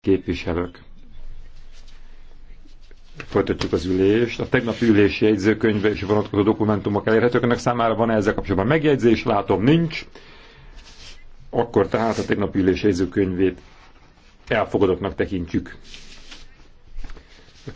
képviselők. Folytatjuk az ülést. A tegnapi ülési jegyzőkönyve és vonatkozó dokumentumok elérhetők számára. Van-e ezzel kapcsolatban megjegyzés? Látom, nincs. Akkor tehát a tegnapi ülési jegyzőkönyvét elfogadottnak tekintjük.